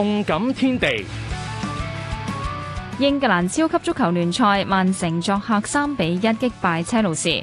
動感天地，英格蘭超級足球聯賽，曼城作客三比一擊敗車路士。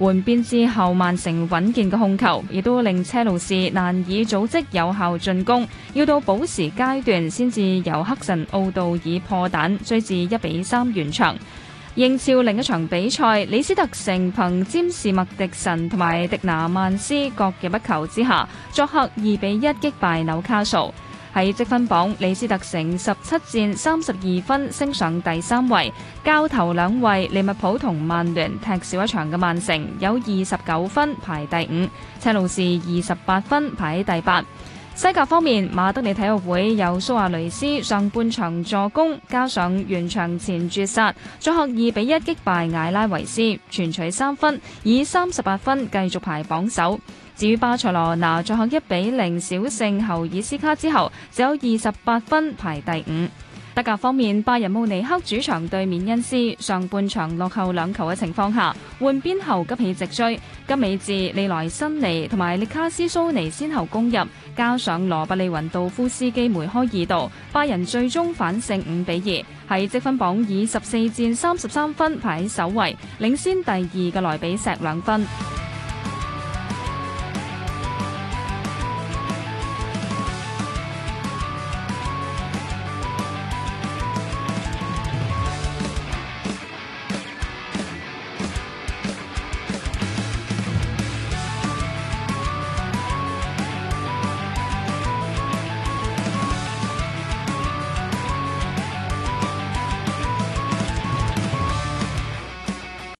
換邊之後，曼城穩健嘅控球，亦都令車路士難以組織有效進攻。要到補時階段，先至由克神奧杜爾破蛋，追至一比三完場。英超另一場比賽，李斯特城憑詹士麥迪臣同埋迪拿曼斯各入一球之下，作客二比一擊敗紐卡素。喺積分榜，李斯特城十七戰三十二分，升上第三位。交頭兩位，利物浦同曼聯，踢少一場嘅曼城有二十九分排第五，車路士二十八分排喺第八。西甲方面，馬德里體育會有蘇亞雷斯上半場助攻，加上完場前絕殺，作客二比一擊敗艾拉維斯，全取三分，以三十八分繼續排榜首。至於巴塞羅那作客一比零小勝侯爾斯卡之後，只有二十八分排第五。德甲方面，拜仁慕尼克主場對緬恩斯，上半場落後兩球嘅情況下，換邊後急起直追，吉美治、利萊辛尼同埋力卡斯蘇尼先後攻入，加上羅伯利雲道夫斯基梅開二度，拜仁最終反勝五比二，喺積分榜以十四戰三十三分排喺首位，領先第二嘅萊比錫兩分。